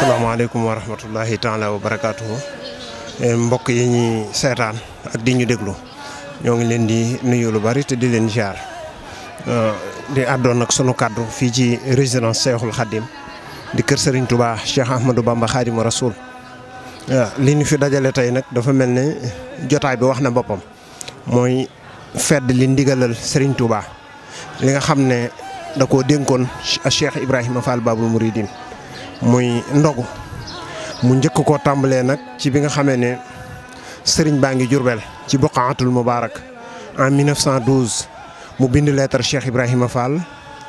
asalaamaaleykum wa rahmatullahi taala wa barakaatuhu eh, mbokk yi ñuy seetaan ak di ñu déglu ñoo ngi leen di nuyu lu bari te di leen jaar eh, di àddoon nag sunu kàddu fii ci résidence Cheikhul Khadim di kër sëriñ Serigne Touba Cheikh Ahmadou Bamba Khadimu Rasoul eh, li ñu fi dajale tey nag dafa mel ne jotaay bi wax na boppam mooy fedd li ndigalal sëriñ tubaa li nga xam ne da koo dénkoon Cheikh Ibrahima Fall Babul Mouridine muy ndogu mu njëkk ko tàmbalee nag ci bi nga xamee ne sëriñ baa ngi Jurbel ci Boqaatul Mubaarak en 1912 mu bind lettre Cheikh Ibrahima Fall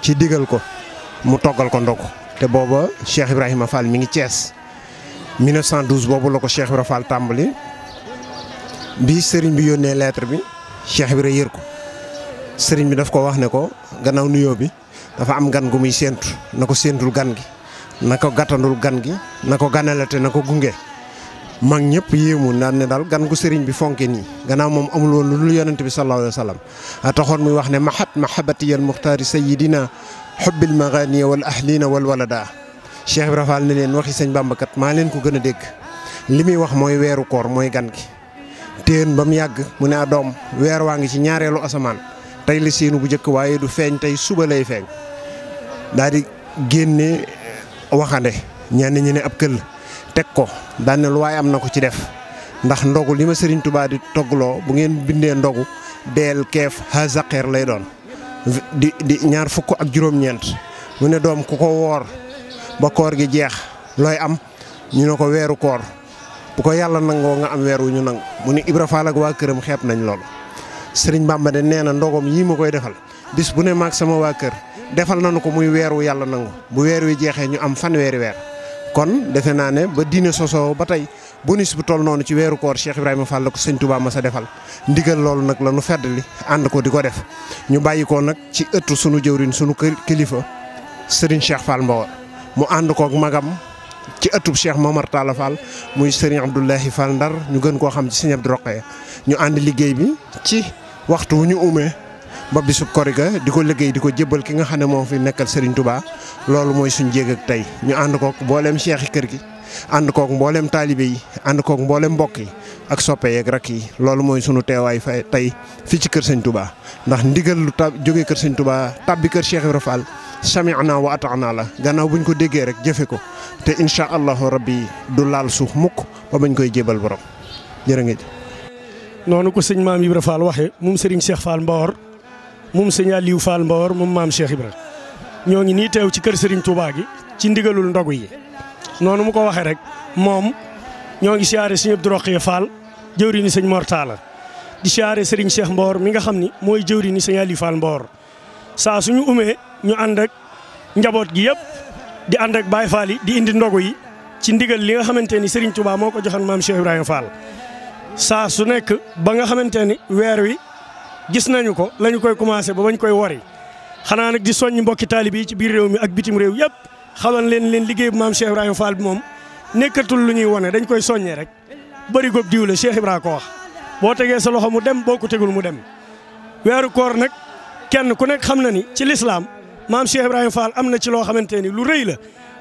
ci digal ko mu toggal ko ndogu te booba Cheikh Ibrahima Fall mi ngi Cees 1912 boobu la ko Cheikh Ibrahima Fall tàmbali bi sëriñ bi yónnee lettre bi Cheikh Ibrahima yër ko sëriñ bi daf ko wax ne ko gannaaw nuyoo bi dafa am gan gu muy séentu na ko séentul gan gi. na ko gàttandul gan gi na ko ganale na ko gunge mag ñëpp yéemu naan ne daal gan gu sëriñ bi fonke nii gannaaw moom amul woon lu dul yonent bi sallallahu alayhi wa sallam taxoon muy wax ne mahat mahabatiyal muxtaari sayidina xubbil maganiya wal ahlina wal walada Cheikh Ibra Fall ne leen waxi sëñ Bamba kat maa leen ko gën a dégg li muy wax mooy weeru koor mooy gan gi téen ba mu yàgg mu ne a doom weer waa ngi ci ñaareelu asamaan tey li séenu bu njëkk waaye du feeñ tey suba lay feeñ waxande ñenn ñi ne ab këll teg ko daan ne lu waaye am na ko ci def ndax ndogu li ma Serigne Touba di toggloo bu ngeen bindee ndogu deel keef hazaqeer lay doon di di ñaar fukk ak juróom-ñeent mu ne doom ku ko woor ba koor gi jeex looy am ñu ne ko weeru koor bu ko yàlla nangoo nga am weer wu ñu nangu mu ne Ibra Fall ak waa këram xeeb nañ loolu sëriñ Serigne ma de nee na ndogom yii ma koy defal bis bu ne maag sama waa kër. defal nanu ko muy weer wu yàlla nangu bu weer wi jeexee ñu am fan weeri weer kon defe naa ne ba diine sosoo ba tey bonus bu toll noonu ci weeru koor Cheikh Ibrahima Fall la ko sëñ Touba ma sa defal ndigal loolu nag la nu fedd li ànd ko di ko def ñu bàyyi ko nag ci ëttu sunu jëwrin sunu kilifa Serigne Cheikh Fall Mbawar mu ànd koog magam ci ëttub Cheikh Momar Talla Fall muy Serigne Abdoulahi Fall Ndar ñu gën koo xam ci Serigne Abdou Rokhaya ñu ànd liggéey bi ba bisu koriga di ko liggéey di ko jébbal ki nga xam ne moo fi nekkal Serigne Touba loolu mooy suñ jéeg ak tey ñu ànd kook mbooleem cheikh yi kër gi ànd kook mbooleem taalibe yi ànd kook mbooleem mbokk yi ak soppe yeeg rak yi loolu mooy suñu teewaay fay tey fii ci kër Serigne Touba ndax ndigal lu tab jógee kër sañ tubaa tabbi kër Cheikh Ibra Fall sami'na wa ata'na la gannaaw buñ ko déggee rek jëfe ko te incha allahu rabbi du laal suuf mukk ba bañ koy jébal borom jërë ngeen moom sëñ Aliou Fall Mbawar moom maam Cheikh Ibra ñoo ngi nii teew ci kër sëriñ Touba gi ci ndigalul ndogu yi noonu mu ko waxee rek moom ñoo ngi siyaare sëñ Abdou Rokhaya Fall jëwriñu sëñ Mor Talla di siyaare sëriñ Cheikh Mbawar mi nga xam ni mooy jëwriñu sëñ Aliou Fall Mbawar saa ñu umee ñu ànd ak njaboot gi yëpp di ànd ak Baye Fall yi di indi ndogu yi ci ndigal li nga xamante ni Serigne Touba moo ko joxoon maam Cheikh Ibrahima Fall saa su nekk ba nga xamante ni weer wi. gis nañu ko lañu koy commencé ba bañ koy wari xanaa nag di soññ mbokki taalibe yi ci biir réew mi ak bitim réew yëpp xamal leen leen liggéey bu maam Cheikh Ibrahima Fall bi moom nekkatul lu ñuy wone dañu koy soññee rek bëri góob diw la Cheikh Ibrahima ko wax boo tegee sa loxo mu dem boo ko tegul mu dem. weeru koor nag kenn ku nekk xam na ni ci lislaam maam Cheikh Ibrahima Fall am na ci loo xamante ni lu rëy la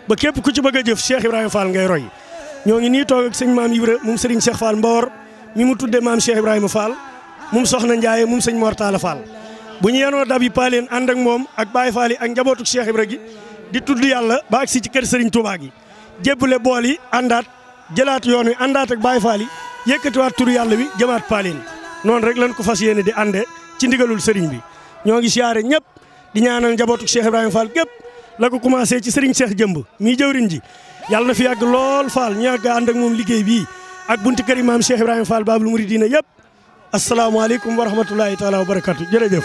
ba képp ku ci bëgg a jëf Cheikh Ibrahima Fall ngay roy ñoo ngi nii toog ak sëñ maam moom Serigne Cheikh Fall Mbawor mi mu tuddee maam Cheikh Ibrahima Fall. moom soxna Ndiaye moom sëñ Mor Talla Fall bu ñu yenoo dab yi paaleen ànd ak moom ak Baye Fall yi ak njabootu Cheikh Ibra gi di tudd yàlla ba agsi ci kër Serigne Touba gi jébbale bool yi àndaat jëlaat yoon wi àndaat ak Baye Fall yi yëkkatiwaat turu yàlla wi jëmaat paaleen noonu rek lañ ko fas yéene di ànde ci ndigalul Serigne bi ñoo ngi ñëpp di ñaanal njabootu Cheikh Ibrahima Fall gépp la ko commencé ci Serigne Cheikh Jëmb mii jëwriñ ji yàlla na fi lool Fall ñu yàgg ànd moom liggéey bii ak bunti kër Maam Cheikh Ibrahima Fall Babul Mouridina asalaamaaleykum wa rahmatulahi taala wa barakaatu jërëjëf.